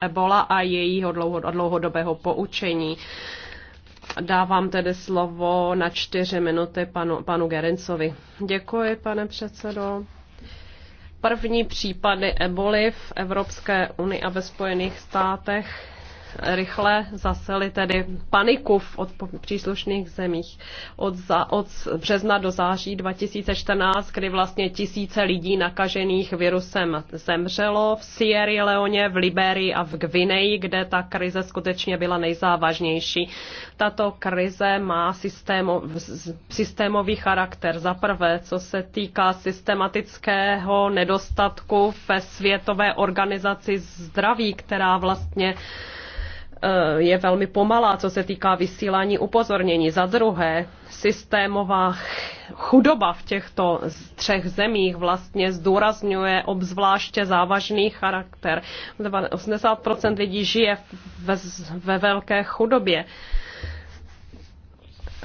Ebola a jejího dlouhodobého poučení. Dávám tedy slovo na čtyři minuty panu, panu Gerincovi. Děkuji, pane předsedo. První případy eboli v Evropské unii a ve Spojených státech rychle zaseli tedy paniku v příslušných zemích od, za, od března do září 2014, kdy vlastně tisíce lidí nakažených virusem zemřelo v Sierra Leone, v Liberii a v Gvineji, kde ta krize skutečně byla nejzávažnější. Tato krize má systémo, systémový charakter. Za prvé, co se týká systematického nedostatku ve světové organizaci zdraví, která vlastně Eh, je velmi pomalá, co se týká vysílání upozornění. Za druhé, systémová chudoba v těchto třech zemích vlastně zdůrazňuje obzvláště závažný charakter. 80% lidí žije ve, ve velké chudobě.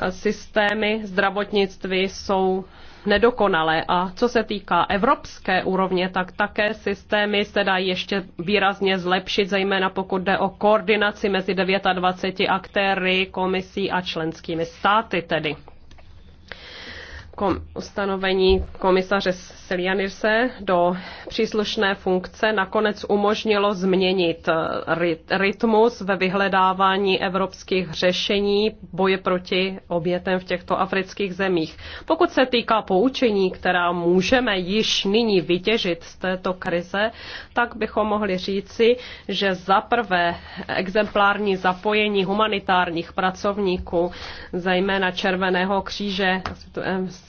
Systémy zdravotnictví jsou nedokonalé. A co se týká evropské úrovně, tak také systémy se dají ještě výrazně zlepšit, zejména pokud jde o koordinaci mezi 29 aktéry, komisí a členskými státy tedy kom, ustanovení komisaře Selianirse do příslušné funkce nakonec umožnilo změnit eh, rytmus ve vyhledávání evropských řešení boje proti obětem v těchto afrických zemích. Pokud se týká poučení, která můžeme již nyní vytěžit z této krize, tak bychom mohli říci, že za prvé exemplární zapojení humanitárních pracovníků, zejména Červeného kříže,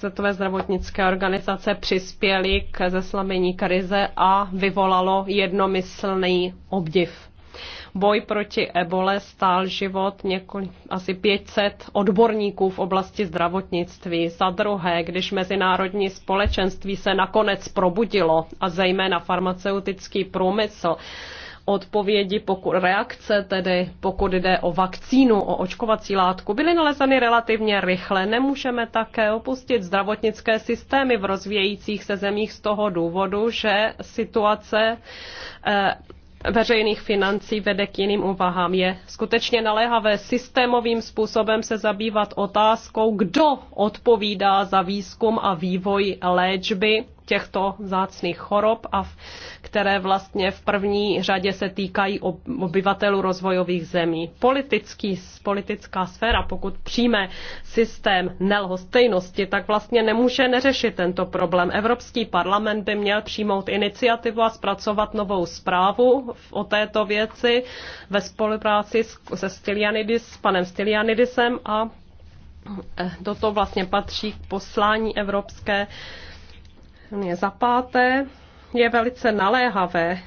Světové zdravotnické organizace přispěly k zeslabení krize a vyvolalo jednomyslný obdiv. Boj proti ebole stál život několik, asi 500 odborníků v oblasti zdravotnictví. Za druhé, když mezinárodní společenství se nakonec probudilo a zejména farmaceutický průmysl, odpovědi, pokud, reakce tedy, pokud jde o vakcínu, o očkovací látku, byly nalezeny relativně rychle. Nemůžeme také opustit zdravotnické systémy v rozvíjejících se zemích z toho důvodu, že situace eh, veřejných financí vede k jiným úvahám. Je skutečně naléhavé systémovým způsobem se zabývat otázkou, kdo odpovídá za výzkum a vývoj léčby těchto zácných chorob a v, které vlastně v první řadě se týkají obyvatelů rozvojových zemí. Politický, politická sféra, pokud přijme systém nelhostejnosti, tak vlastně nemůže neřešit tento problém. Evropský parlament by měl přijmout iniciativu a zpracovat novou zprávu o této věci ve spolupráci se Stylianidis, s panem Stylianidisem a eh, toto vlastně patří k poslání Evropské za páté je velice naléhavé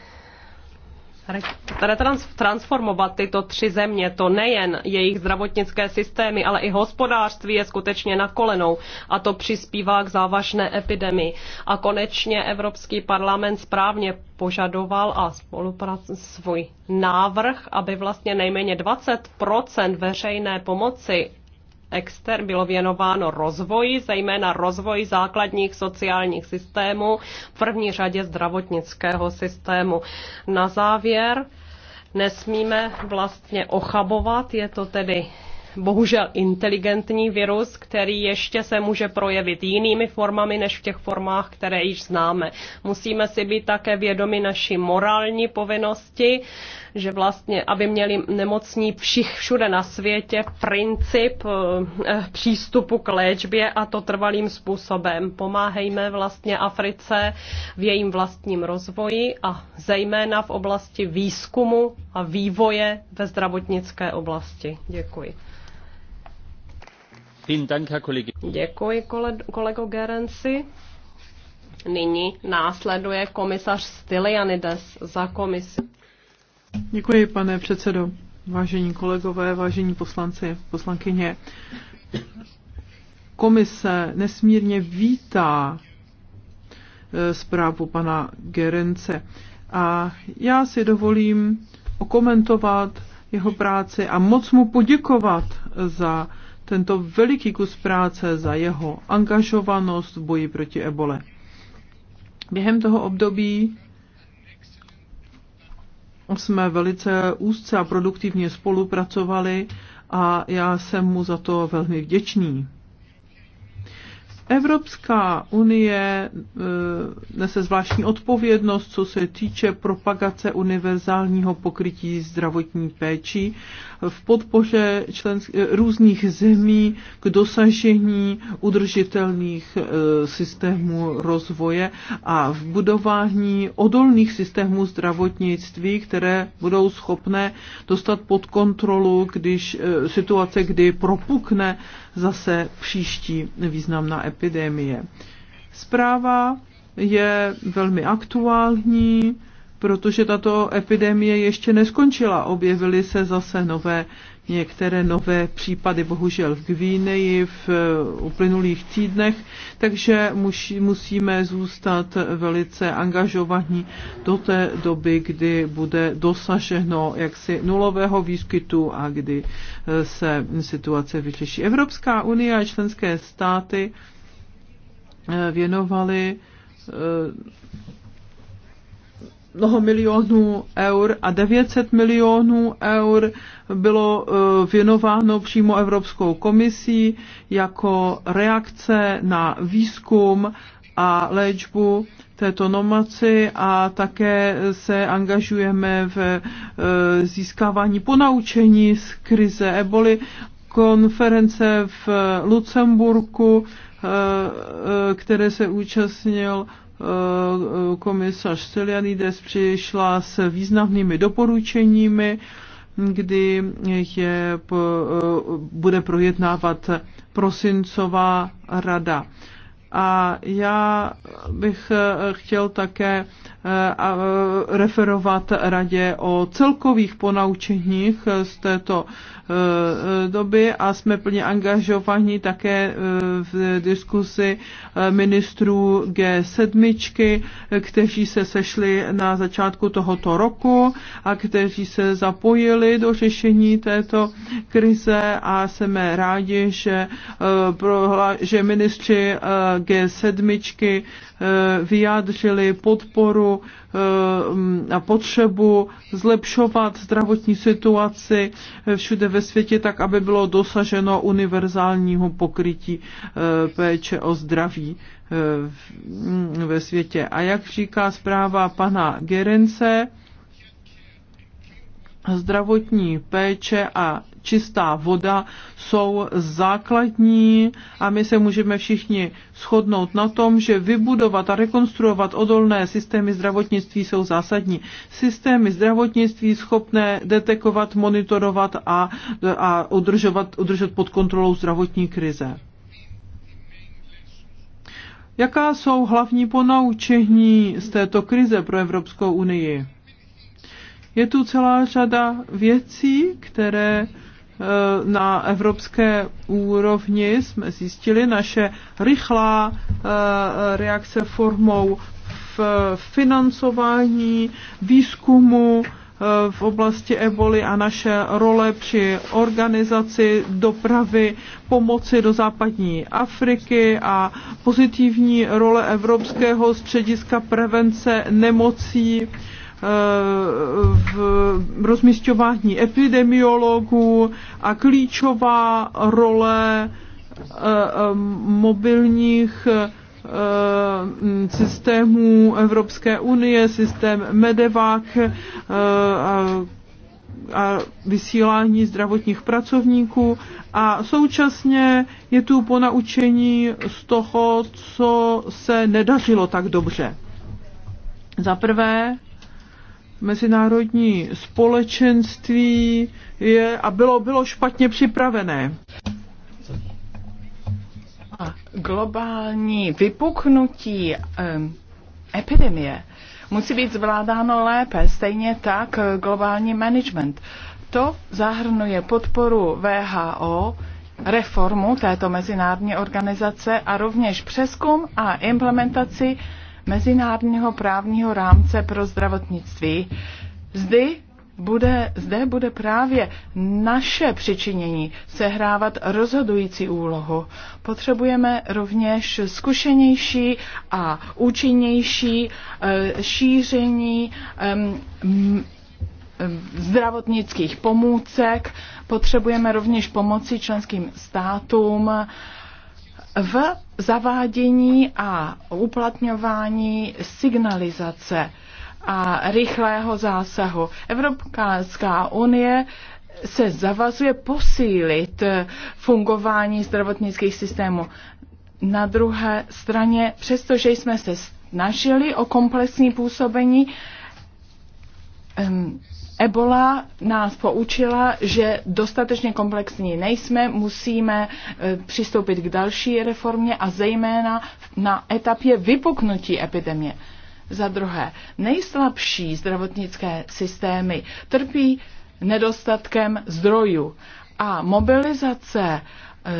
transformovat tyto tři země, to nejen jejich zdravotnické systémy, ale i hospodářství je skutečně na kolenou a to přispívá k závažné epidemii. A konečně Evropský parlament správně požadoval a spolupracoval svůj návrh, aby vlastně nejméně 20 veřejné pomoci exter bylo věnováno rozvoji, zejména rozvoji základních sociálních systémů, v první řadě zdravotnického systému. Na závěr nesmíme vlastně ochabovat, je to tedy bohužel inteligentní virus, který ještě se může projevit jinými formami než v těch formách, které již známe. Musíme si být také vědomi naší morální povinnosti že vlastně, aby měli nemocní všich všude na světě princip eh, přístupu k léčbě a to trvalým způsobem. Pomáhejme vlastně Africe v jejím vlastním rozvoji a zejména v oblasti výzkumu a vývoje ve zdravotnické oblasti. Děkuji. Děkuji, kolego Gerenci. Nyní následuje komisař Stylianides za komisi. Děkuji, pane předsedo. Vážení kolegové, vážení poslanci, poslankyně. Komise nesmírně vítá eh, zprávu pana Gerence. A já si dovolím okomentovat jeho práci a moc mu poděkovat za tento veliký kus práce, za jeho angažovanost v boji proti ebole. Během toho období jsme velice úzce a produktivně spolupracovali a já jsem mu za to velmi vděčný. Evropská unie eh, nese zvláštní odpovědnost, co se týče propagace univerzálního pokrytí zdravotní péči v podpoře eh, různých zemí k dosažení udržitelných eh, systémů rozvoje a v budování odolných systémů zdravotnictví, které budou schopné dostat pod kontrolu, když situace, kdy propukne zase příští významná epidemie. Zpráva je velmi aktuální, protože tato epidemie ještě neskončila. Objevily se zase nové, některé nové případy, bohužel v Gvíneji v eh, uplynulých týdnech, takže musíme zůstat velice angažovaní do té doby, kdy bude dosaženo jaksi nulového výskytu a kdy eh, se situace vyřeší. Evropská unie a členské státy eh, věnovaly mnoho milionů eur a 900 milionů eur bylo eh, věnováno přímo Evropskou komisí jako reakce na výzkum a léčbu této nomaci a také se angažujeme v eh, získávání ponaučení z krize eboli konference v Lucemburku, eh, které se účastnil Eh, komisař Stylianides přišla s významnými doporučeními, kdy je, eh, bude projednávat prosincová rada. A já bych eh, chtěl také eh, eh, referovat radě o celkových ponaučeních z této doby a jsme plně angažovaní také v diskusi ministrů G7, kteří se sešli na začátku tohoto roku a kteří se zapojili do řešení této krize a jsme rádi, že, že ministři G7 eh, vyjádřili podporu eh, a potřebu zlepšovat zdravotní situaci všude ve světě tak, aby bylo dosaženo univerzálního pokrytí eh, péče o zdraví ve světě. A jak říká zpráva pana Gerence, zdravotní péče a čistá voda jsou základní a my se můžeme všichni shodnout na tom, že vybudovat a rekonstruovat odolné systémy zdravotnictví jsou zásadní. Systémy zdravotnictví schopné detekovat, monitorovat a, a udržovat, udržet pod kontrolou zdravotní krize. Jaká jsou hlavní ponaučení z této krize pro Evropskou unii? Je tu celá řada věcí, které eh, na evropské úrovni jsme zjistili naše rychlá eh, reakce formou v financování, výzkumu eh, v oblasti eboli a naše role při organizaci dopravy pomoci do západní Afriky a pozitivní role Evropského střediska prevence nemocí v rozmístování epidemiologů a klíčová role eh, eh, mobilních eh, systémů Evropské unie, systém Medevac a vysílání zdravotních pracovníků a současně je tu ponaučení z toho, co se nedařilo tak dobře. Za prvé, mezinárodní společenství je a bylo, bylo špatně připravené. A globální vypuknutí um, epidemie musí být zvládáno lépe, stejně tak globální management. To zahrnuje podporu VHO, reformu této mezinárodní organizace a rovněž přeskum a implementaci mezinárodního právního rámce pro zdravotnictví. Zde bude, zde bude právě naše přičinění sehrávat rozhodující úlohu. Potřebujeme rovněž zkušenější a účinnější eh, šíření zdravotnických pomůcek. Potřebujeme rovněž pomoci členským státům v zavádění a uplatňování signalizace a rychlého zásahu. Evropská unie se zavazuje posílit fungování zdravotnických systémů. Na druhé straně, přestože jsme se snažili o komplexní působení, Ebola nás poučila, že dostatečně komplexní nejsme, musíme e, přistoupit k další reformě a zejména na etapě vypuknutí epidemie. Za druhé, nejslabší zdravotnické systémy trpí nedostatkem zdrojů a mobilizace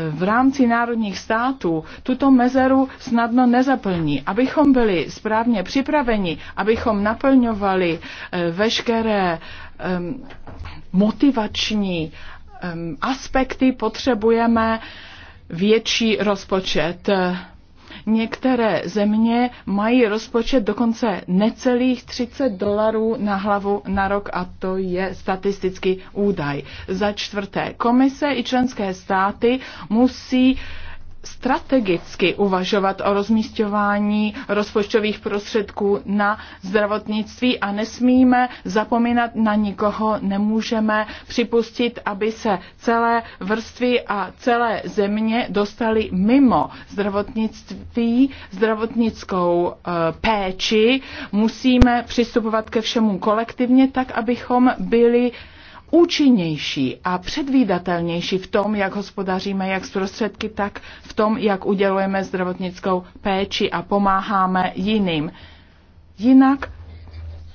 v rámci národních států tuto mezeru snadno nezaplní. Abychom byli správně připraveni, abychom naplňovali eh, veškeré motivační aspekty, potřebujeme větší rozpočet. Některé země mají rozpočet dokonce necelých 30 dolarů na hlavu na rok a to je statistický údaj. Za čtvrté, komise i členské státy musí strategicky uvažovat o rozmístování rozpočtových prostředků na zdravotnictví a nesmíme zapomínat na nikoho, nemůžeme připustit, aby se celé vrstvy a celé země dostaly mimo zdravotnictví, zdravotnickou e, péči. Musíme přistupovat ke všemu kolektivně, tak abychom byli účinnější a předvídatelnější v tom, jak hospodaříme, jak s prostředky, tak v tom, jak udělujeme zdravotnickou péči a pomáháme jiným. Jinak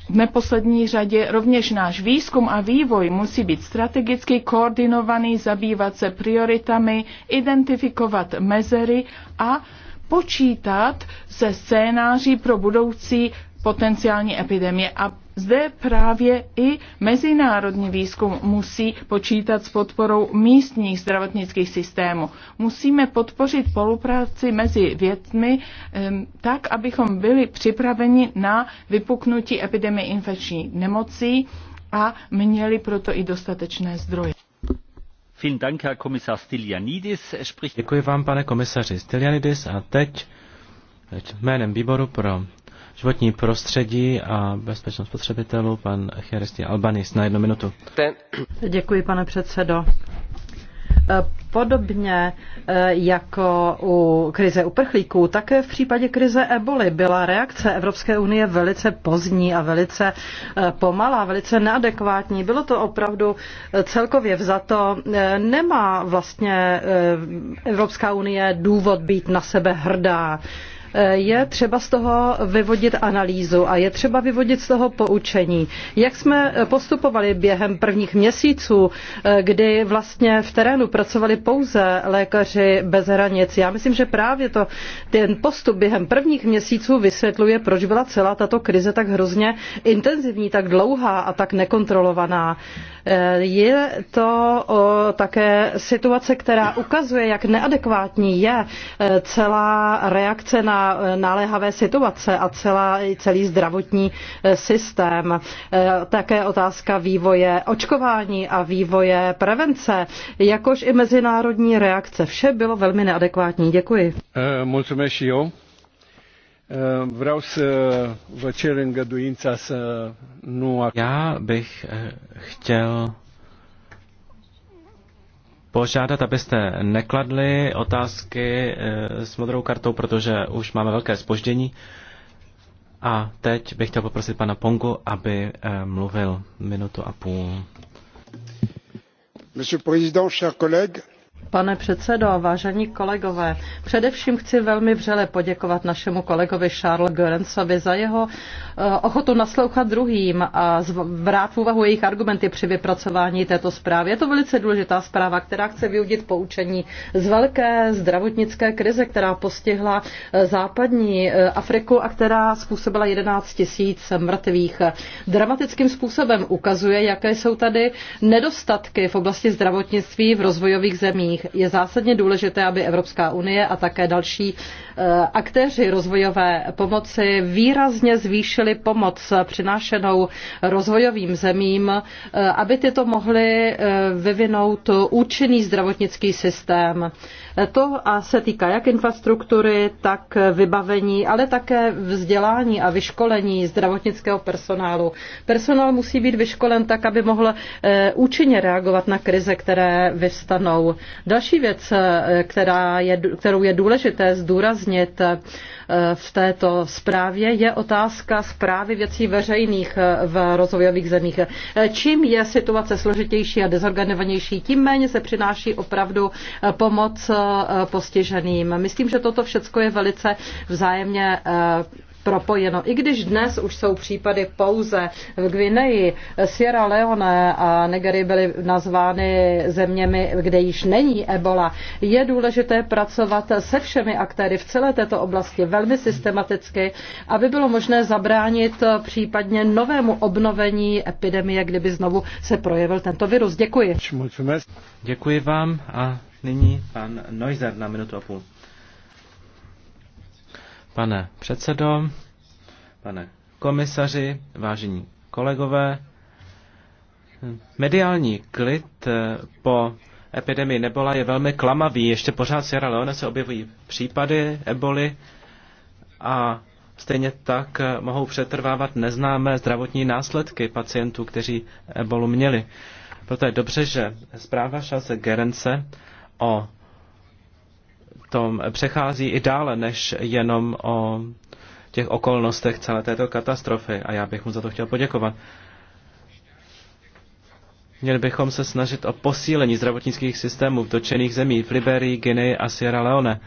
v neposlední řadě rovněž náš výzkum a vývoj musí být strategicky koordinovaný, zabývat se prioritami, identifikovat mezery a počítat se scénáři pro budoucí potenciální epidemie a zde právě i mezinárodní výzkum musí počítat s podporou místních zdravotnických systémů. Musíme podpořit spolupráci mezi vědmi tak, abychom byli připraveni na vypuknutí epidemie infekční nemocí a měli proto i dostatečné zdroje. Er Děkuji vám, pane komisaři Stylianidis, a teď jménem výboru pro životní prostředí a bezpečnost spotřebitelů, pan Cheristi Albanis, na jednu minutu. Děkuji, pane předsedo. Podobně eh, jako u krize uprchlíků, také v případě krize eboli byla reakce Evropské unie velice pozdní a velice eh, pomalá, velice neadekvátní. Bylo to opravdu eh, celkově vzato. Nemá vlastně Evropská unie důvod být na sebe hrdá Eh, je třeba z toho vyvodit analýzu a je třeba vyvodit z toho poučení. Jak jsme eh, postupovali během prvních měsíců, eh, kdy vlastně v terénu pracovali pouze lékaři bez hranic? Já myslím, že právě to, ten postup během prvních měsíců vysvětluje, proč byla celá tato krize tak hrozně intenzivní, tak dlouhá a tak nekontrolovaná. Je to také situace, která ukazuje, jak neadekvátní je celá reakce na E, na náléhavé situace a celá, celý zdravotní e, systém. E, také otázka vývoje očkování a vývoje prevence, jakož i mezinárodní reakce. Vše bylo velmi neadekvátní. Děkuji. Mulțumesc și eu. Vreau să vă cer îngăduința să nu... Já bych chtěl požádat, abyste nekladli otázky eh, s modrou kartou, protože už máme velké spoždění. A teď bych chtěl poprosit pana Pongu, aby eh, mluvil minutu a půl. Monsieur le Président, chers collègues, Pane předsedo, vážení kolegové, především chci velmi vřele poděkovat našemu kolegovi Charles Görensovi za jeho eh, ochotu naslouchat druhým a vrát v úvahu jejich argumenty při vypracování této zprávy. Je to velice důležitá zpráva, která chce vyudit poučení z velké zdravotnické krize, která postihla eh, západní eh, Afriku a která způsobila 11 tisíc mrtvých. Dramatickým způsobem ukazuje, jaké jsou tady nedostatky v oblasti zdravotnictví v rozvojových zemích zemích. Je zásadně důležité, aby Evropská unie a také další eh, aktéři rozvojové pomoci výrazně zvýšili pomoc přinášenou rozvojovým zemím, eh, aby tyto mohly eh, vyvinout účinný zdravotnický systém. To a se týká jak infrastruktury, tak vybavení, ale také vzdělání a vyškolení zdravotnického personálu. Personál musí být vyškolen tak, aby mohl eh, účinně reagovat na krize, které vyvstanou. Další věc, eh, která je, kterou je důležité zdůraznit, v této zprávě, je otázka zprávy věcí veřejných v rozvojových zemích. Čím je situace složitější a dezorganizovanější, tím méně se přináší opravdu pomoc postiženým. Myslím, že toto všechno je velice vzájemně propojeno. I když dnes už jsou případy pouze v Gvineji, Sierra Leone a Nigerii byly nazvány zeměmi, kde již není ebola, je důležité pracovat se všemi aktéry v celé této oblasti velmi systematicky, aby bylo možné zabránit případně novému obnovení epidemie, kdyby znovu se projevil tento virus. Děkuji. Děkuji vám a nyní pan Neuser na minutu a půl. Pane předsedo, pane komisaři, vážení kolegové, mediální klid eh, po epidemii nebola je velmi klamavý. Ještě pořád Sierra Leone se objevují případy eboli a stejně tak eh, mohou přetrvávat neznámé zdravotní následky pacientů, kteří ebolu měli. Proto je dobře, že zpráva Šase Gerence o tom přechází i dále, než jenom o těch okolnostech celé této katastrofy. A já bych mu za to chtěl poděkovat. Měli bychom se snažit o posílení zdravotnických systémů v dotčených zemích v Liberii, Guinea a Sierra Leone.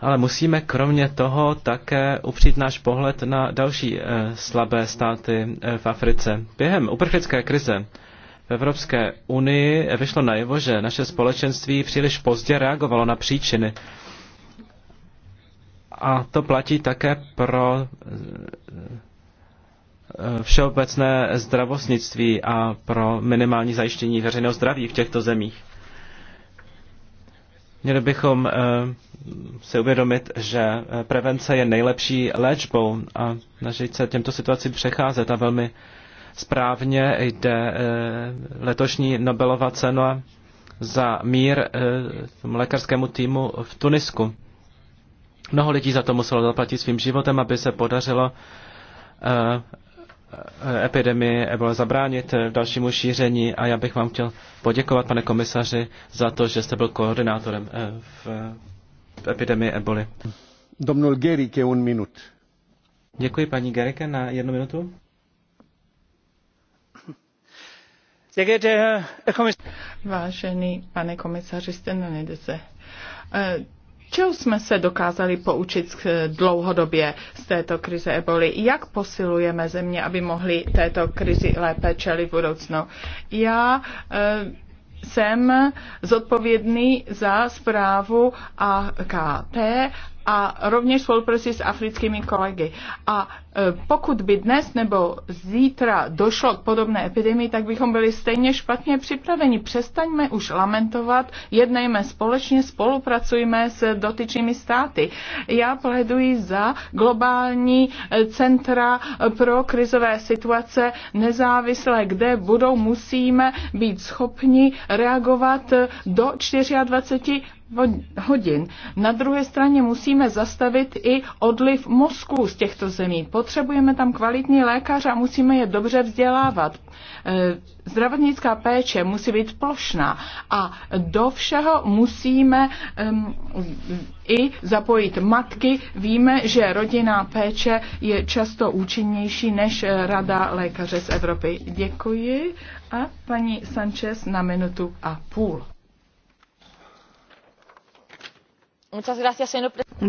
Ale musíme kromě toho také upřít náš pohled na další e, slabé státy e, v Africe. Během uprchlické krize v Evropské unii vyšlo najevo, že naše společenství příliš pozdě reagovalo na příčiny. A to platí také pro eh, všeobecné zdravotnictví a pro minimální zajištění veřejného zdraví v těchto zemích. Měli bychom eh, si uvědomit, že eh, prevence je nejlepší léčbou a snažit se těmto situacím přecházet a velmi správně jde eh, letošní Nobelova cena za mír eh, lékařskému týmu v Tunisku. Mnoho lidí za to muselo zaplatit svým životem, aby se podařilo eh, epidemii Ebola zabránit dalšímu šíření a já bych vám chtěl poděkovat, pane komisaři, za to, že jste byl koordinátorem v epidemii Eboli. Domnul Gerike, un minut. Děkuji paní Gerike na jednu minutu. Vážený pane komisaři Stenanidese, eh, čeho jsme se dokázali poučit eh, dlouhodobě z této krize eboli? Jak posilujeme země, aby mohli této krizi lépe čelit v budoucnu? Já eh, jsem zodpovědný za zprávu AKT a rovněž spolupráci s africkými kolegy. A e, pokud by dnes nebo zítra došlo k podobné epidemii, tak bychom byli stejně špatně připraveni. Přestaňme už lamentovat, jednejme společně, spolupracujme s dotyčnými státy. Já pleduji za globální e, centra e, pro krizové situace nezávislé, kde budou, musíme být schopni reagovat do 24 hodin. Na druhé straně musíme zastavit i odliv mozku z těchto zemí. Potřebujeme tam kvalitní lékaře a musíme je dobře vzdělávat. E, zdravotnická péče musí být plošná a do všeho musíme um, i zapojit matky. Víme, že rodinná péče je často účinnější než e, Rada lékaře z Evropy. Děkuji a paní Sanchez na minutu a půl.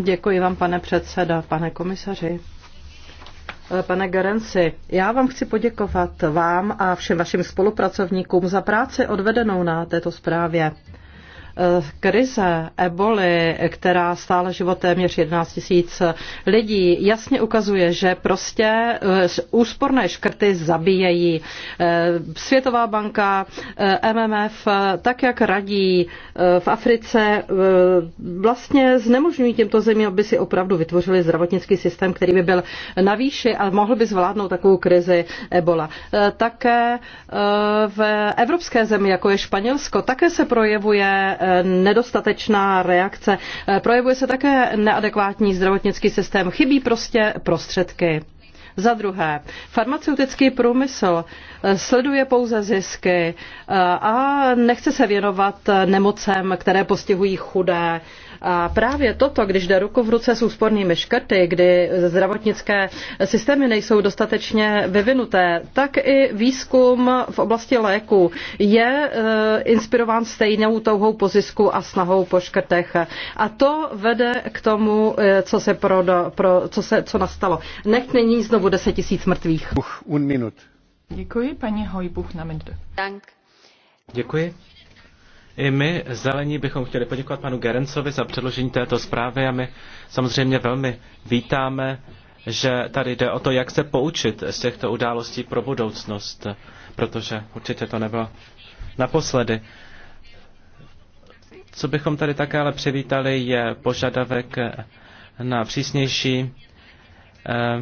Děkuji vám, pane předseda, pane komisaři. Eh, pane Garenci, já vám chci poděkovat vám a všem vašim spolupracovníkům za práci odvedenou na této zprávě. Eh, krize eboli, která stála život téměř 11 tisíc lidí, jasně ukazuje, že prostě eh, úsporné škrty zabíjejí. Eh, Světová banka, MMF, tak jak radí v Africe, vlastně znemožňují těmto zemím, aby si opravdu vytvořili zdravotnický systém, který by byl na výši a mohl by zvládnout takovou krizi ebola. Také v evropské zemi, jako je Španělsko, také se projevuje nedostatečná reakce. Projevuje se také neadekvátní zdravotnický systém. Chybí prostě prostředky. Za druhé, farmaceutický průmysl eh, sleduje pouze zisky eh, a nechce se věnovat nemocem, které postihují chudé a právě toto, když jde ruku v ruce s úspornými škrty, kdy zdravotnické systémy nejsou dostatečně vyvinuté, tak i výzkum v oblasti léku je e, inspirován stejnou touhou po zisku a snahou po škrtech. A to vede k tomu, e, co se, pro, pro, co, se co nastalo. Nech není znovu 10 tisíc mrtvých. un minut. Děkuji, paní Hojbuch na minutu. Děkuji. I my, zelení, bychom chtěli poděkovat panu Gerencovi za předložení této zprávy a my samozřejmě velmi vítáme, že tady jde o to, jak se poučit z těchto událostí pro budoucnost, protože určitě to nebylo naposledy. Co bychom tady také ale přivítali, je požadavek na přísnější eh,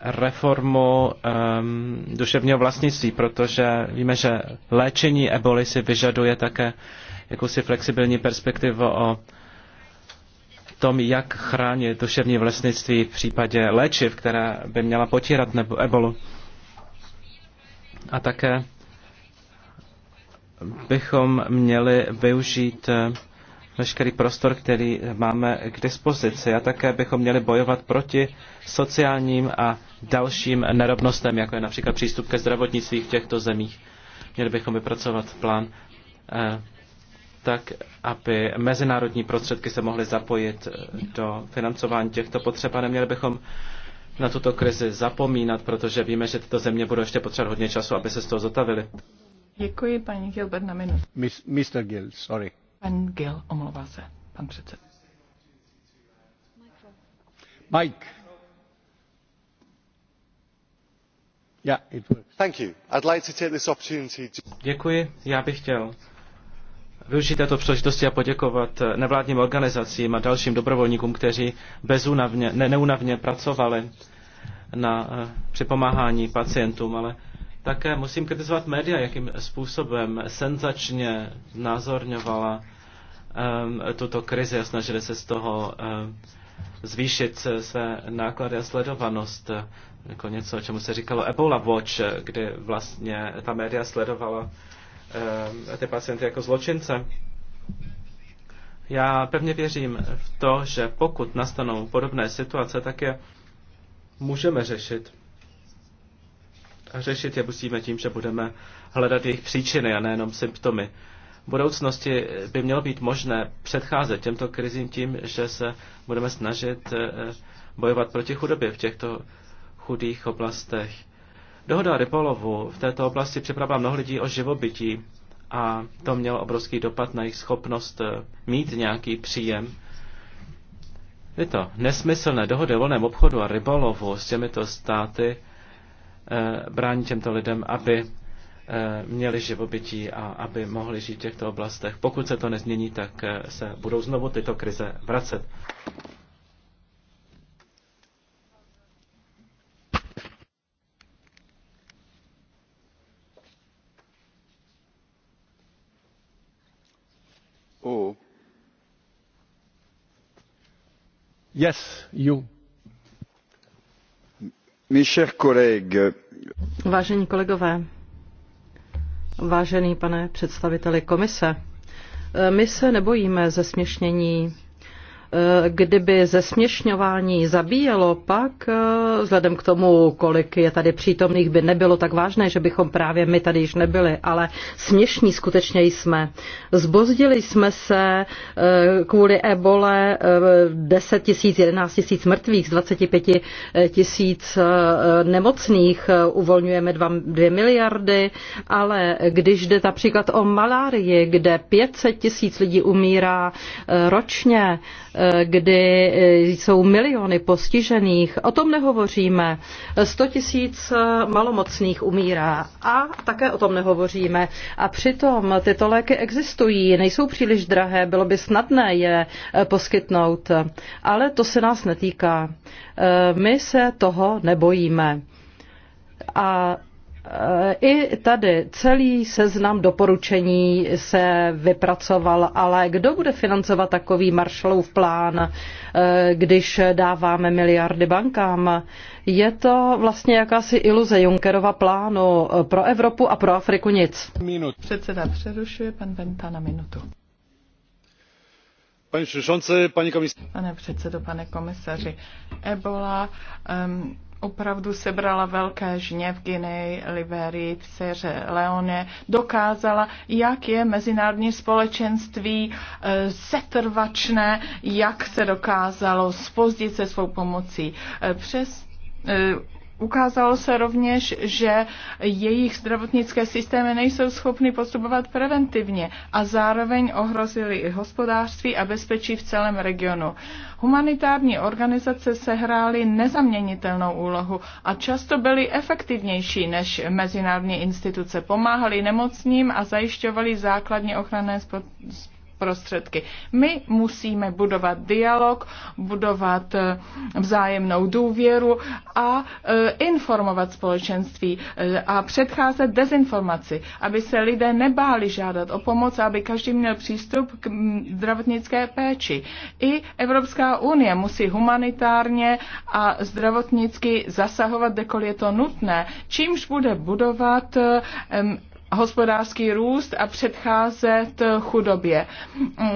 reformu um, duševního vlastnictví, protože víme, že léčení eboli si vyžaduje také jakousi flexibilní perspektivu o tom, jak chránit duševní vlastnictví v případě léčiv, která by měla potírat nebo ebolu. A také bychom měli využít eh, veškerý prostor, který máme k dispozici. A také bychom měli bojovat proti sociálním a dalším nerovnostem, jako je například přístup ke zdravotnictví v těchto zemích. Měli bychom vypracovat plán eh, tak, aby mezinárodní prostředky se mohly zapojit eh, do financování těchto potřeb a neměli bychom na tuto krizi zapomínat, protože víme, že tyto země budou ještě potřebovat hodně času, aby se z toho zotavili. Děkuji, paní Gilbert, na minutu. Mr. Gil, sorry. Pan Gil omlouvá se, pan předseda. Mike. Děkuji. Já bych chtěl využít této příležitosti a poděkovat eh, nevládním organizacím a dalším dobrovolníkům, kteří bezúnavně, neúnavně pracovali na eh, připomáhání pacientům, ale také musím kritizovat média, jakým způsobem senzačně znázorňovala um, tuto krizi a snažili se z toho um, zvýšit své náklady a sledovanost jako něco, čemu se říkalo Ebola Watch, kdy vlastně ta média sledovala eh, ty pacienty jako zločince. Já pevně věřím v to, že pokud nastanou podobné situace, tak je můžeme řešit. A řešit je musíme tím, že budeme hledat jejich příčiny a nejenom symptomy. V budoucnosti by mělo být možné předcházet těmto krizím tím, že se budeme snažit eh, bojovat proti chudobě v těchto chudých oblastech. Dohoda rybolovu v této oblasti připravila mnoho lidí o živobytí a to mělo obrovský dopad na jejich schopnost eh, mít nějaký příjem. to nesmyslné dohody o volném obchodu a rybolovu s těmito státy e, brání těmto lidem, aby e, měli živobytí a aby mohli žít v těchto oblastech. Pokud se to nezmění, tak se budou znovu tyto krize vracet. Vážení kolegové, vážený pane představiteli komise, my se nebojíme zesměšnění Eh, kdyby zesměšňování zabíjelo, pak eh, vzhledem k tomu, kolik je tady přítomných, by nebylo tak vážné, že bychom právě my tady již nebyli, ale směšní skutečně jsme. Zbozdili jsme se eh, kvůli ebole 10 tisíc, 11 tisíc mrtvých z 25 tisíc nemocných, uvolňujeme 2, 2 miliardy, ale když jde například o malárii, kde 500 tisíc lidí umírá ročně, Eh, kdy eh, jsou miliony postižených. O tom nehovoříme. 100 tisíc eh, malomocných umírá a také o tom nehovoříme. A přitom tyto léky existují, nejsou příliš drahé, bylo by snadné je poskytnout, ale to se nás netýká. My se toho nebojíme. A i tady celý seznam doporučení se vypracoval, ale kdo bude financovat takový Marshallův plán, eh, když dáváme miliardy bankám? Je to vlastně jakási iluze Junckerova plánu pro Evropu a pro Afriku nic. Minut. Předseda přerušuje, pan Venta na minutu. Pane předsedo, pane komisaři, Ebola um, opravdu sebrala velké žně v Gineji, Liberii, v Seře Leone, dokázala, jak je mezinárodní společenství eh, setrvačné, jak se dokázalo spozdit se svou pomocí. Eh, přes eh, Ukázalo se rovněž, že jejich zdravotnické systémy nejsou schopny postupovat preventivně a zároveň ohrozili i hospodářství a bezpečí v celém regionu. Humanitární organizace sehrály nezaměnitelnou úlohu a často byly efektivnější než mezinárodní instituce. Pomáhali nemocním a zajišťovali základní ochranné prostředky. My musíme budovat dialog, budovat eh, vzájemnou důvěru a eh, informovat společenství eh, a předcházet dezinformaci, aby se lidé nebáli žádat o pomoc, aby každý měl přístup k mm, zdravotnické péči. I Evropská unie musí humanitárně a zdravotnicky zasahovat, dekoliv je to nutné, čímž bude budovat hospodářský růst a předcházet chudobě.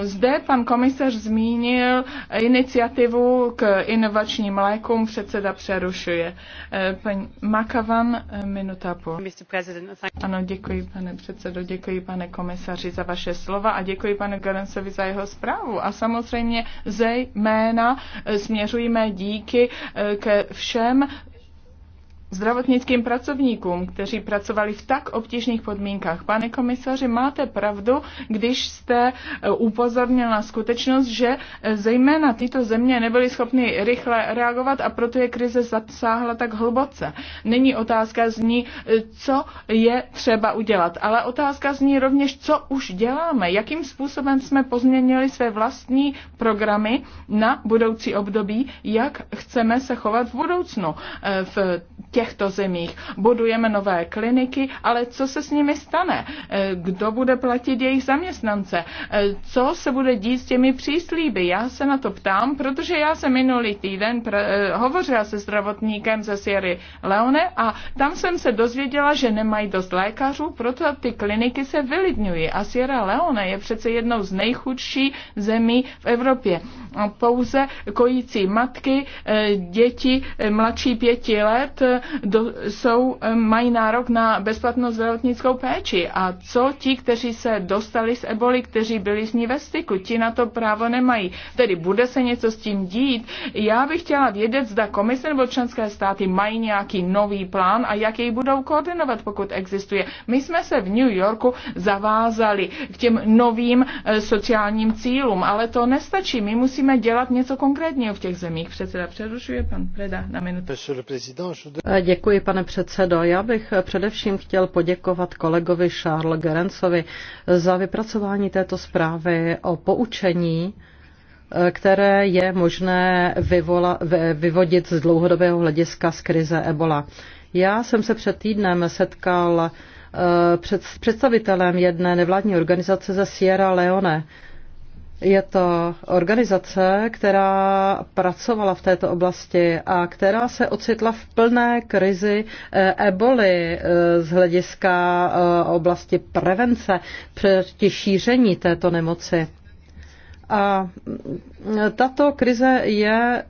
Zde pan komisař zmínil iniciativu k inovačním lékům, předseda přerušuje. Paní Makavan, minuta půl. Ano, děkuji pane předsedo, děkuji pane komisaři za vaše slova a děkuji panu Garensovi za jeho zprávu. A samozřejmě zejména směřujeme díky eh, ke všem zdravotnickým pracovníkům, kteří pracovali v tak obtížných podmínkách. Pane komisaři, máte pravdu, když jste e, upozornil na skutečnost, že e, zejména tyto země nebyly schopny rychle reagovat a proto je krize zasáhla tak hluboce. Není otázka zní, e, co je třeba udělat, ale otázka zní rovněž, co už děláme, jakým způsobem jsme pozměnili své vlastní programy na budoucí období, jak chceme se chovat v budoucnu. V těch těchto zemích. Budujeme nové kliniky, ale co se s nimi stane? Eh, kdo bude platit jejich zaměstnance? Eh, co se bude dít s těmi příslíby? Já se na to ptám, protože já jsem minulý týden eh, hovořila se zdravotníkem ze Sierra Leone a tam jsem se dozvěděla, že nemají dost lékařů, proto ty kliniky se vylidňují. A Sierra Leone je přece jednou z nejchudší zemí v Evropě. Pouze kojící matky, děti mladší pěti let do, jsou, eh, mají nárok na bezplatnou zdravotnickou péči. A co ti, kteří se dostali z eboli, kteří byli s ní ve styku, ti na to právo nemají. Tedy bude se něco s tím dít. Já bych chtěla vědět, zda komise nebo členské státy mají nějaký nový plán a jak jej budou koordinovat, pokud existuje. My jsme se v New Yorku zavázali k těm novým eh, sociálním cílům, ale to nestačí. My musíme dělat něco konkrétního v těch zemích. Předseda přerušuje, pan Preda na minutu. Děkuji, pane předsedo. Já bych především chtěl poděkovat kolegovi Charles Gerencovi za vypracování této zprávy o poučení které je možné vyvola, vyvodit z dlouhodobého hlediska z krize Ebola. Já jsem se před týdnem setkal eh, s představitelem jedné nevládní organizace ze Sierra Leone, je to organizace, která pracovala v této oblasti a která se ocitla v plné krizi eh, eboli eh, z hlediska eh, oblasti prevence proti šíření této nemoci. A mm, tato krize je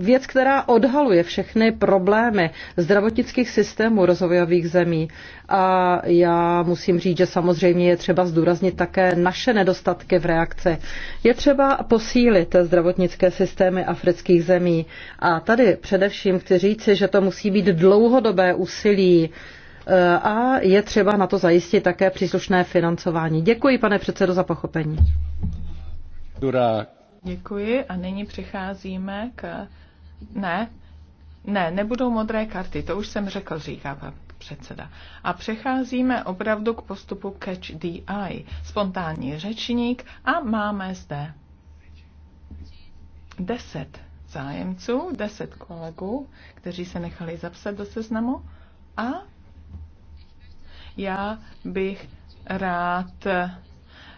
věc, která odhaluje všechny problémy zdravotnických systémů rozvojových zemí. A já musím říct, že samozřejmě je třeba zdůraznit také naše nedostatky v reakci. Je třeba posílit zdravotnické systémy afrických zemí. A tady především chci říci, že to musí být dlouhodobé úsilí eh, a je třeba na to zajistit také příslušné financování. Děkuji, pane předsedo, za pochopení. Durák. Děkuji a nyní přicházíme k ne, ne, nebudou modré karty, to už jsem řekl, říká pan předseda. A přecházíme opravdu k postupu Catch the Eye, spontánní řečník a máme zde deset zájemců, deset kolegů, kteří se nechali zapsat do seznamu a já bych rád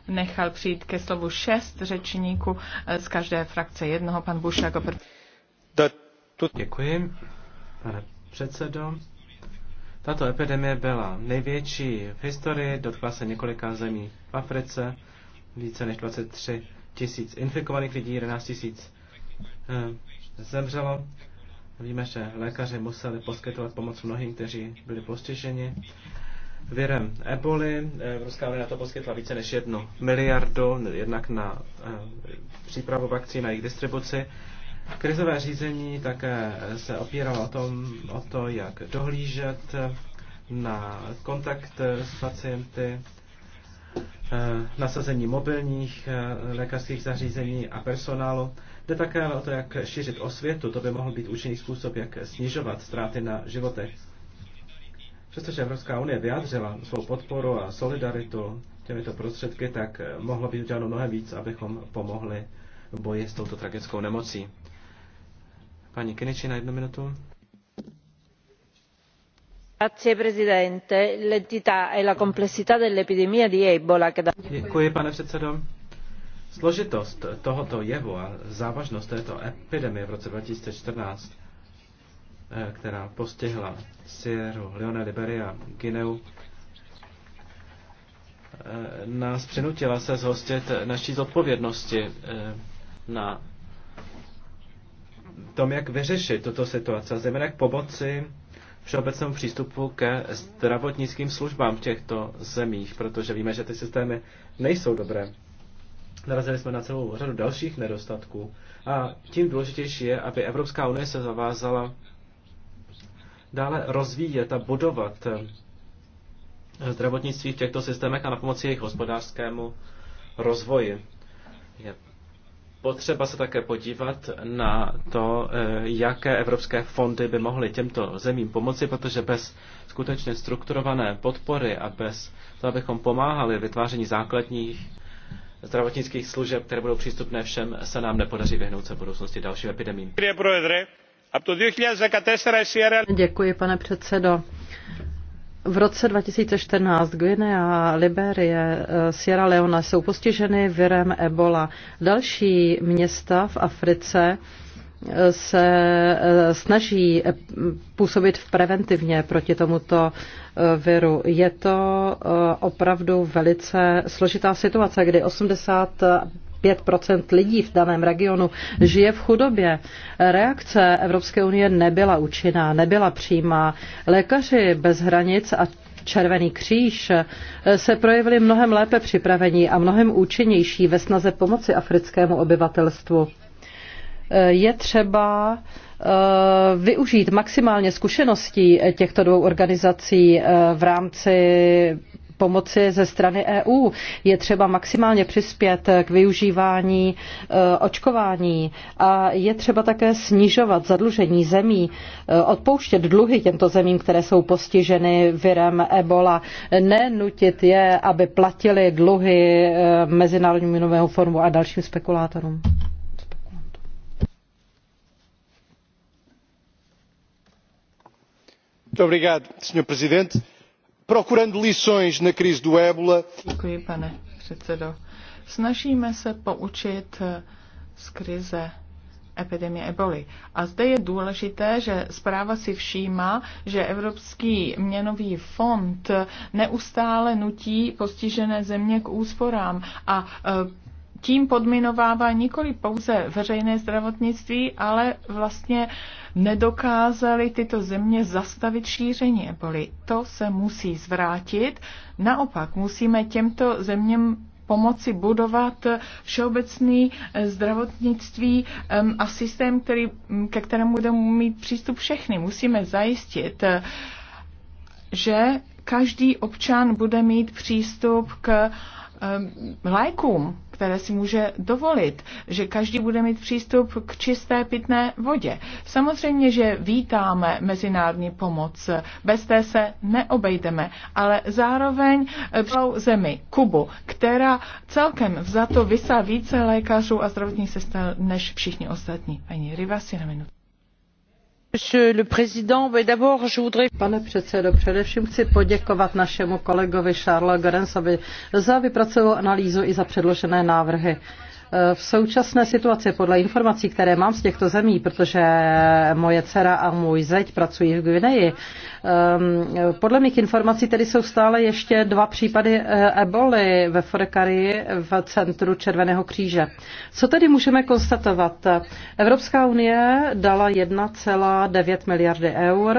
nechal přijít ke slovu šest řečníků z každé frakce jednoho, pan Bušák. Děkuji, pane předsedo. Tato epidemie byla největší v historii, dotkla se několika zemí v Africe, více než 23 tisíc infikovaných lidí, 11 tisíc eh, zemřelo. Víme, že lékaři museli poskytovat pomoc mnohým, kteří byli postiženi. Věrem eboli eh, Ruská unie na to poskytla více než jednu miliardu, jednak na eh, přípravu vakcín a jejich distribuci. Krizové řízení také se opíralo o, tom, o to, jak dohlížet na kontakt s pacienty, eh, nasazení mobilních eh, lékařských zařízení a personálu. Jde také o to, jak šířit osvětu. To by mohl být účinný způsob, jak snižovat ztráty na životech. Přestože Evropská unie vyjádřila svou podporu a solidaritu těmito prostředky, tak mohlo být uděláno mnohem víc, abychom pomohli v boji s touto tragickou nemocí. Pani Kiniči na jednu minutu. Děkuji, pane předsedo. Složitost tohoto jevu a závažnost této epidemie v roce 2014, eh, která postihla Sierra Leone, Liberia, Guineu, eh, nás přinutila se zhostit naší zodpovědnosti eh, na tom, jak vyřešit tuto situaci, zejména jak pomoci všeobecnému přístupu ke zdravotnickým službám v těchto zemích, protože víme, že ty systémy nejsou dobré. Narazili jsme na celou řadu dalších nedostatků a tím důležitější je, aby Evropská unie se zavázala dále rozvíjet a budovat zdravotnictví v těchto systémech a na pomoci jejich hospodářskému rozvoji. Je potřeba se také podívat na to, eh, jaké evropské fondy by mohly těmto zemím pomoci, protože bez skutečně strukturované podpory a bez toho, abychom pomáhali vytváření základních zdravotnických služeb, které budou přístupné všem, se nám nepodaří vyhnout se v budoucnosti dalším epidemím. Děkuji, pane předsedo v roce 2014 Guinea, Liberie, eh, Sierra Leone jsou postiženy virem Ebola. Další města v Africe eh, se eh, snaží působit preventivně proti tomuto viru. Je to opravdu velice složitá situace, kdy 80 5 lidí v daném regionu žije v chudobě. Reakce Evropské unie nebyla účinná, nebyla přímá. Lékaři bez hranic a Červený kříž se projevili mnohem lépe připravení a mnohem účinnější ve snaze pomoci africkému obyvatelstvu. Je třeba eh, využít maximálně zkušeností těchto dvou organizací eh, v rámci pomoci ze strany EU. Je třeba maximálně přispět k využívání eh, očkování a je třeba také snižovat zadlužení zemí, eh, odpouštět dluhy těmto zemím, které jsou postiženy virem Ebola, nenutit je, aby platili dluhy eh, Mezinárodnímu měnovému fondu a dalším spekulátorům. presidente procurando lições na crise do ébola. Děkuji, pane předsedo. Snažíme se poučit eh, z krize epidemie eboli. A zde je důležité, že zpráva si všímá, že Evropský měnový fond neustále nutí postižené země k úsporám a eh, tím podminovává nikoli pouze veřejné zdravotnictví, ale vlastně nedokázaly tyto země zastavit šíření eboli. To se musí zvrátit. Naopak musíme těmto zeměm pomoci budovat všeobecný eh, zdravotnictví a systém, který, mm, ke kterému budeme mít přístup všechny. Musíme zajistit, eh, že každý občan bude mít přístup k Um, lékům, které si může dovolit, že každý bude mít přístup k čisté pitné vodě. Samozřejmě, že vítáme mezinárodní pomoc, bez té se neobejdeme, ale zároveň v eh, zemi, Kubu, která celkem vzato vysá více lékařů a zdravotních sester než všichni ostatní. Paní Riva si na minutu. Pane předsedající především chci poděkovat našemu kolegovi Charlesovi goerensovi za vypracovanou analýzu i za předložené návrhy. V současné situaci, podle informací, které mám z těchto zemí, protože moje dcera a můj zeď pracují v Gvineji, ehm, podle mých informací tedy jsou stále ještě dva případy eh, eboli ve Forekary v centru Červeného kříže. Co tedy můžeme konstatovat? Evropská unie dala 1,9 miliardy eur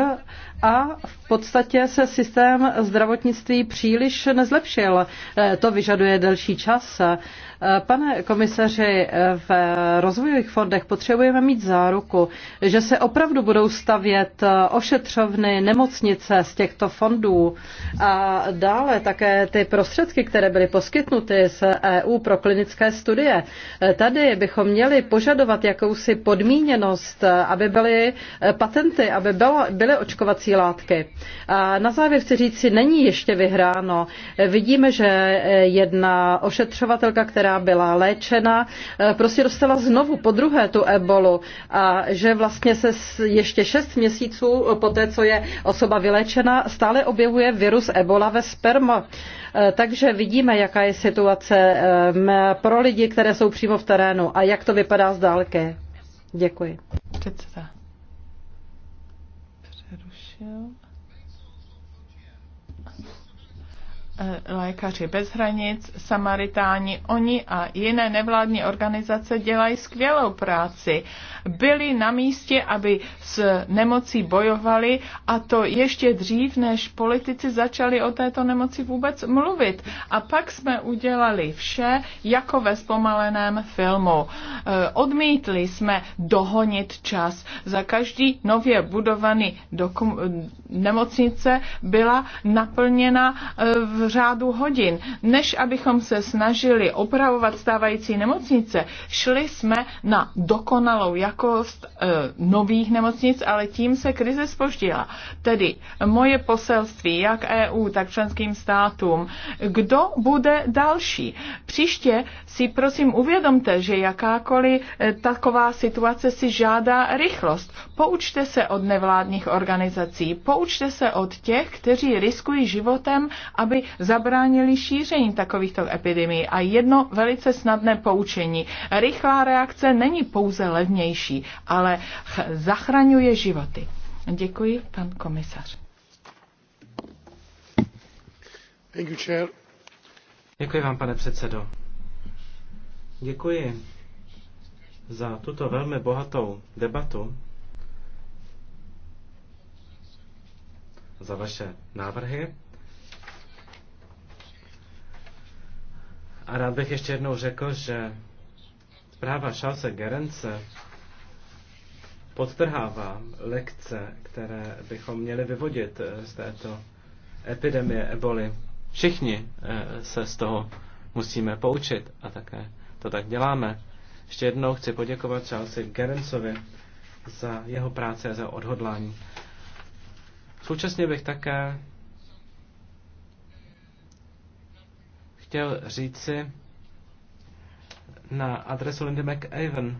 a v podstatě se systém zdravotnictví příliš nezlepšil. Eh, to vyžaduje delší čas. Pane komisaři, v rozvojových fondech potřebujeme mít záruku, že se opravdu budou stavět ošetřovny, nemocnice z těchto fondů a dále také ty prostředky, které byly poskytnuty z EU pro klinické studie. Tady bychom měli požadovat jakousi podmíněnost, aby byly patenty, aby bylo, byly očkovací látky. A na závěr chci říct si, není ještě vyhráno. Vidíme, že jedna ošetřovatelka, která která byla léčena, eh, prostě dostala znovu po druhé tu ebolu a že vlastně se ještě šest měsíců eh, po té, co je osoba vyléčena, stále objevuje virus ebola ve sperma. Eh, takže vidíme, jaká je situace pro lidi, které jsou přímo v terénu a jak to vypadá z dálky. Děkuji. Předseda. Přerušil. Eh, lékaři bez hranic, samaritáni, oni a jiné nevládní organizace dělají skvělou práci. Byli na místě, aby s nemocí bojovali a to ještě dřív, než politici začali o této nemoci vůbec mluvit. A pak jsme udělali vše jako ve zpomaleném filmu. Eh, odmítli jsme dohonit čas. Za každý nově budovaný eh, nemocnice byla naplněna v řádu hodin. Než abychom se snažili opravovat stávající nemocnice, šli jsme na dokonalou jakost e, nových nemocnic, ale tím se krize spoždila. Tedy moje poselství, jak EU, tak členským státům, kdo bude další. Příště si prosím uvědomte, že jakákoliv e, taková situace si žádá rychlost. Poučte se od nevládních organizací, poučte se od těch, kteří riskují životem, aby zabránili šíření takovýchto epidemií. A jedno velice snadné poučení. Rychlá reakce není pouze levnější, ale zachraňuje životy. Děkuji, pan komisař. Thank you, chair. Děkuji vám, pane předsedo. Děkuji za tuto velmi bohatou debatu, za vaše návrhy. A rád bych ještě jednou řekl, že zpráva Charlesa Gerence podtrhává lekce, které bychom měli vyvodit eh, z této epidemie eboli. Všichni eh, se z toho musíme poučit a také to tak děláme. Ještě jednou chci poděkovat Charlesi Gerencovi za jeho práci a za odhodlání. Současně bych také chtěl říci na adresu Lindy McAven,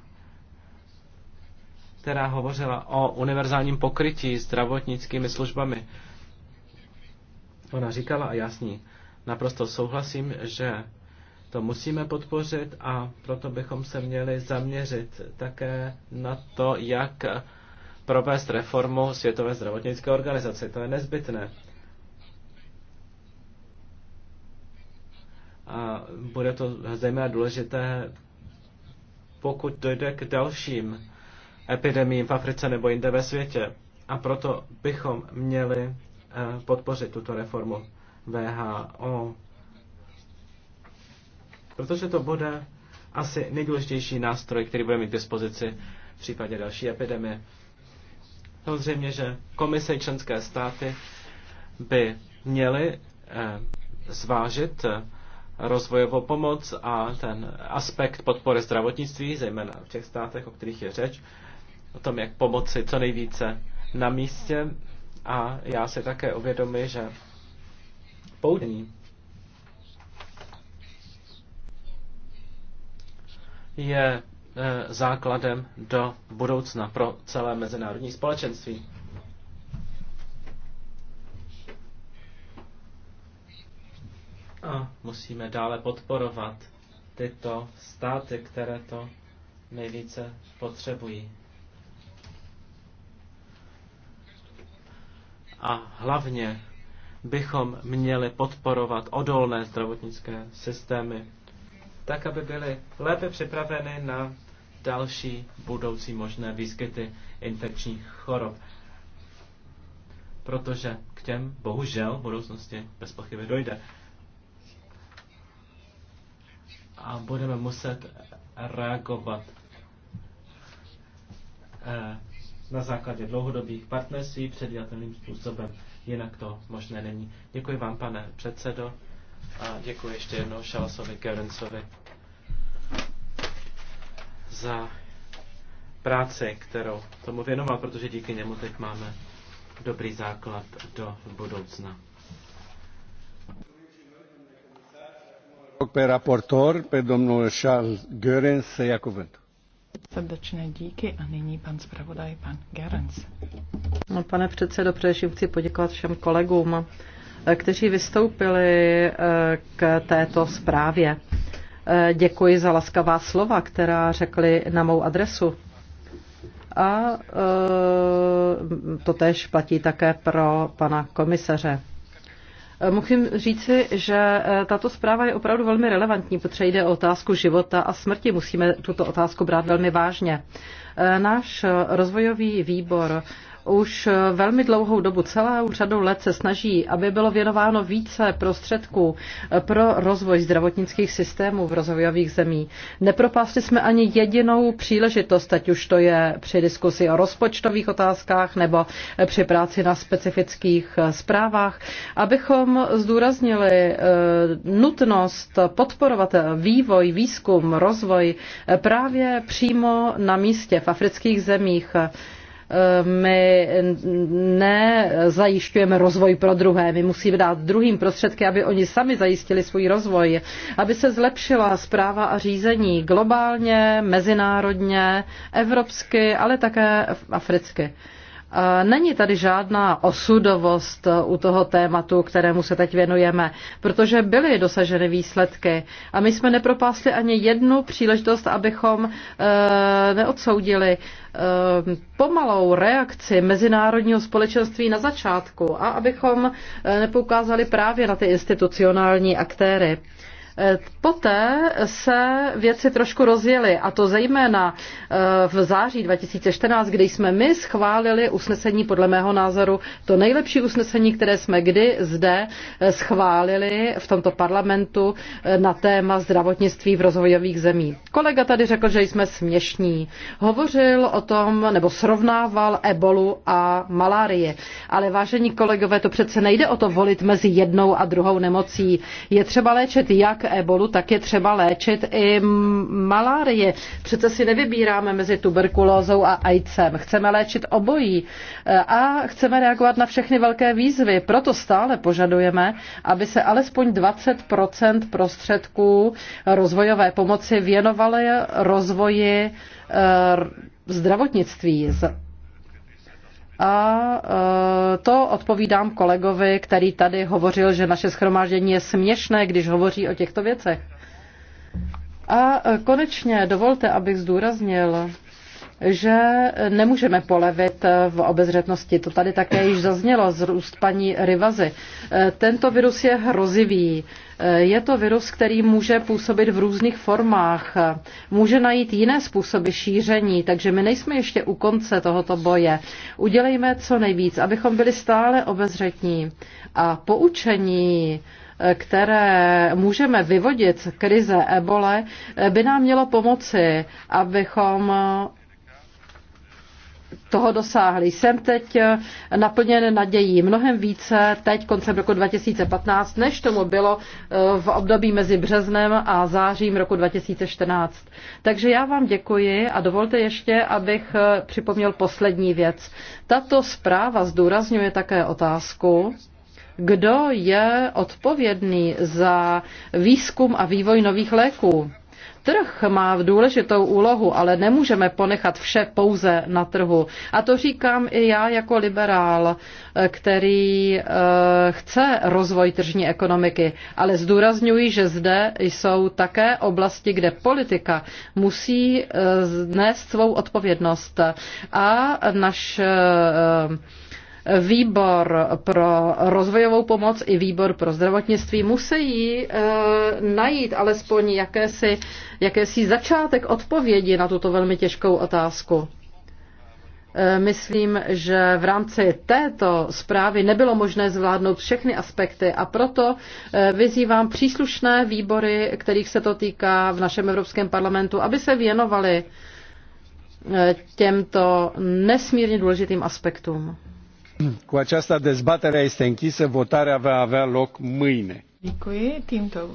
která hovořila o univerzálním pokrytí zdravotnickými službami. Ona říkala, a jasně, naprosto souhlasím, že to musíme podpořit a proto bychom se měli zaměřit také na to, jak provést reformu Světové zdravotnické organizace. To je nezbytné. A bude to zejména důležité, pokud dojde k dalším epidemiím v Africe nebo jinde ve světě. A proto bychom měli eh, podpořit tuto reformu VHO. Protože to bude asi nejdůležitější nástroj, který bude mít k dispozici v případě další epidemie. Samozřejmě, že komise členské státy by měly eh, zvážit eh, rozvojovou pomoc a ten aspekt podpory zdravotnictví, zejména v těch státech, o kterých je řeč, o tom, jak pomoci co nejvíce na místě. A já si také uvědomuji, že poudění je eh, základem do budoucna pro celé mezinárodní společenství. A musíme dále podporovat tyto státy, které to nejvíce potřebují. A hlavně bychom měli podporovat odolné zdravotnické systémy, tak aby byly lépe připraveny na další budoucí možné výskyty infekčních chorob. Protože k těm bohužel v budoucnosti bez pochyby dojde a budeme muset reagovat eh, na základě dlouhodobých partnerství předvídatelným způsobem. Jinak to možné není. Děkuji vám, pane předsedo, a děkuji ještě jednou Šalasovi Gerencovi za práci, kterou tomu věnoval, protože díky němu teď máme dobrý základ do budoucna. Jako no, pane předsedající především chci poděkovat všem kolegům, eh, kteří vystoupili eh, k této zprávě. Eh, děkuji za laskavá slova, která řekli na mou adresu. A to tež platí také pro pana komisaře. Musím říci, že eh, tato zpráva je opravdu velmi relevantní, protože jde o otázku života a smrti. Musíme tuto otázku brát velmi vážně. Eh, náš eh, rozvojový výbor už eh, velmi dlouhou dobu, celou řadu let se snaží, aby bylo věnováno více prostředků eh, pro rozvoj zdravotnických systémů v rozvojových zemí. Nepropásli jsme ani jedinou příležitost, ať už to je při diskusi o rozpočtových otázkách nebo eh, při práci na specifických zprávách, abychom zdůraznili nutnost podporovat vývoj, výzkum, rozvoj právě přímo na místě v afrických zemích my nezajišťujeme rozvoj pro druhé. My musíme dát druhým prostředky, aby oni sami zajistili svůj rozvoj, aby se zlepšila zpráva a řízení globálně, mezinárodně, evropsky, ale také africky. Eh, není tady žádná osudovost eh, u toho tématu, kterému se teď věnujeme, protože byly dosaženy výsledky a my jsme nepropásli ani jednu příležitost, abychom eh, neodsoudili pomalou reakci mezinárodního společenství na začátku a abychom nepoukázali právě na ty institucionální aktéry. Eh, poté se věci trošku rozjely, a to zejména eh, v září 2014, kdy jsme my schválili usnesení, podle mého názoru, to nejlepší usnesení, které jsme kdy zde eh, schválili v tomto parlamentu na téma zdravotnictví v rozvojových zemí. Kolega tady řekl, že jsme směšní. Hovořil o tom, nebo srovnával ebolu a malárie. Ale vážení kolegové, to přece nejde o to volit mezi jednou a druhou nemocí. Je třeba léčit jak ebolu, tak je třeba léčit i malárie. Přece si nevybíráme mezi tuberkulózou a AIDSem. Chceme léčit obojí e, a chceme reagovat na všechny velké výzvy. Proto stále požadujeme, aby se alespoň 20 prostředků rozvojové pomoci věnovaly rozvoji e, zdravotnictví, a e, to odpovídám kolegovi, který tady hovořil, že naše schromáždění je směšné, když hovoří o těchto věcech. A e, konečně dovolte, abych zdůraznil, že nemůžeme polevit v obezřetnosti. To tady také již zaznělo z úst paní Rivazy. E, tento virus je hrozivý. Je to virus, který může působit v různých formách, může najít jiné způsoby šíření, takže my nejsme ještě u konce tohoto boje. Udělejme co nejvíc, abychom byli stále obezřetní a poučení které můžeme vyvodit z krize ebole, by nám mělo pomoci, abychom toho dosáhli. Jsem teď eh, naplněn nadějí mnohem více teď koncem roku 2015, než tomu bylo eh, v období mezi březnem a zářím roku 2014. Takže já vám děkuji a dovolte ještě, abych eh, připomněl poslední věc. Tato zpráva zdůrazňuje také otázku, kdo je odpovědný za výzkum a vývoj nových léků. Trh má důležitou úlohu, ale nemůžeme ponechat vše pouze na trhu. A to říkám i já jako liberál, eh, který eh, chce rozvoj tržní ekonomiky, ale zdůrazňuji, že zde jsou také oblasti, kde politika musí eh, nést svou odpovědnost a naš výbor pro rozvojovou pomoc i výbor pro zdravotnictví musí eh, najít alespoň jakési, jakési začátek odpovědi na tuto velmi těžkou otázku. Eh, myslím, že v rámci této zprávy nebylo možné zvládnout všechny aspekty a proto eh, vyzývám příslušné výbory, kterých se to týká v našem Evropském parlamentu, aby se věnovali těmto nesmírně důležitým aspektům. Cu aceasta dezbaterea este închisă, votarea va avea loc mâine. tímto